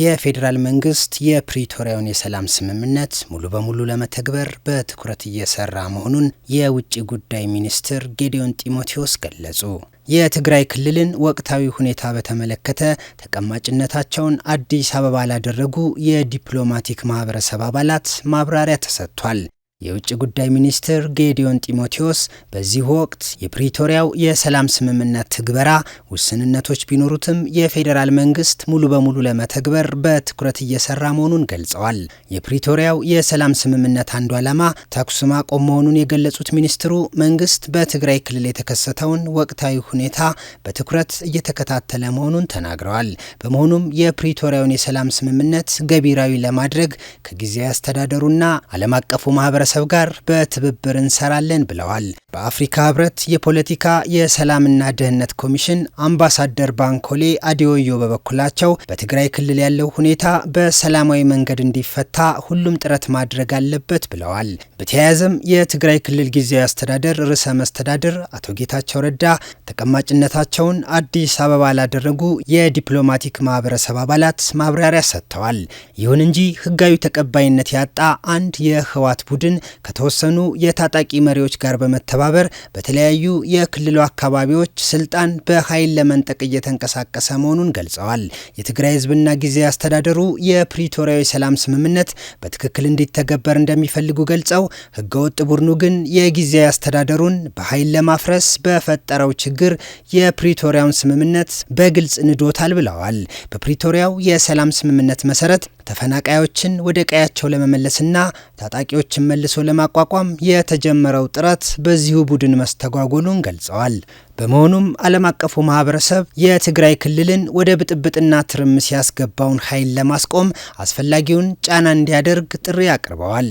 የፌዴራል መንግስት የፕሪቶሪያውን የሰላም ስምምነት ሙሉ በሙሉ ለመተግበር በትኩረት እየሰራ መሆኑን የውጭ ጉዳይ ሚኒስትር ጌዲዮን ጢሞቴዎስ ገለጹ። የትግራይ ክልልን ወቅታዊ ሁኔታ በተመለከተ ተቀማጭነታቸውን አዲስ አበባ ላደረጉ የዲፕሎማቲክ ማህበረሰብ አባላት ማብራሪያ ተሰጥቷል። የውጭ ጉዳይ ሚኒስትር ጌዲዮን ጢሞቴዎስ በዚህ ወቅት የፕሪቶሪያው የሰላም ስምምነት ትግበራ ውስንነቶች ቢኖሩትም የፌዴራል መንግስት ሙሉ በሙሉ ለመተግበር በትኩረት እየሰራ መሆኑን ገልጸዋል። የፕሪቶሪያው የሰላም ስምምነት አንዱ ዓላማ ተኩስ ማቆም መሆኑን የገለጹት ሚኒስትሩ መንግስት በትግራይ ክልል የተከሰተውን ወቅታዊ ሁኔታ በትኩረት እየተከታተለ መሆኑን ተናግረዋል። በመሆኑም የፕሪቶሪያውን የሰላም ስምምነት ገቢራዊ ለማድረግ ከጊዜያዊ አስተዳደሩና ዓለም አቀፉ ማህበረሰብ ማህበረሰብ ጋር በትብብር እንሰራለን ብለዋል። በአፍሪካ ህብረት የፖለቲካ የሰላምና ደህንነት ኮሚሽን አምባሳደር ባንኮሌ አዲዮዮ በበኩላቸው በትግራይ ክልል ያለው ሁኔታ በሰላማዊ መንገድ እንዲፈታ ሁሉም ጥረት ማድረግ አለበት ብለዋል። በተያያዘም የትግራይ ክልል ጊዜያዊ አስተዳደር ርዕሰ መስተዳድር አቶ ጌታቸው ረዳ ተቀማጭነታቸውን አዲስ አበባ ላደረጉ የዲፕሎማቲክ ማህበረሰብ አባላት ማብራሪያ ሰጥተዋል። ይሁን እንጂ ህጋዊ ተቀባይነት ያጣ አንድ የህወሓት ቡድን ከተወሰኑ የታጣቂ መሪዎች ጋር በመተባበር በተለያዩ የክልሉ አካባቢዎች ስልጣን በኃይል ለመንጠቅ እየተንቀሳቀሰ መሆኑን ገልጸዋል። የትግራይ ህዝብና ጊዜ አስተዳደሩ የፕሪቶሪያዊ ሰላም ስምምነት በትክክል እንዲተገበር እንደሚፈልጉ ገልጸው ህገወጥ ቡድኑ ግን የጊዜ አስተዳደሩን በኃይል ለማፍረስ በፈጠረው ችግር የፕሪቶሪያውን ስምምነት በግልጽ ንዶታል ብለዋል። በፕሪቶሪያው የሰላም ስምምነት መሰረት ተፈናቃዮችን ወደ ቀያቸው ለመመለስና ታጣቂዎችን መልሶ ለማቋቋም የተጀመረው ጥረት በዚሁ ቡድን መስተጓጎሉን ገልጸዋል። በመሆኑም ዓለም አቀፉ ማህበረሰብ የትግራይ ክልልን ወደ ብጥብጥና ትርምስ ያስገባውን ኃይል ለማስቆም አስፈላጊውን ጫና እንዲያደርግ ጥሪ አቅርበዋል።